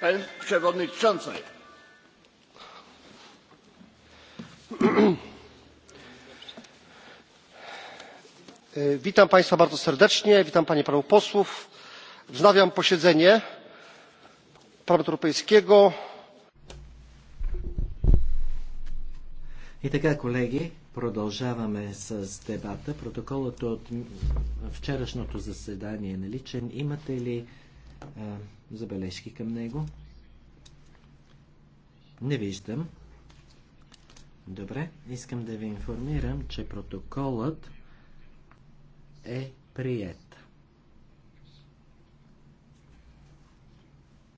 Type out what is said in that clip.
pani przewodnicząca! witam państwa bardzo serdecznie witam panie i panów posłów. wznawiam posiedzenie parlamentu europejskiego. И така, колеги, продължаваме с дебата. Протоколът от вчерашното заседание е наличен. Имате ли забележки към него? Не виждам. Добре, искам да ви информирам, че протоколът е прият.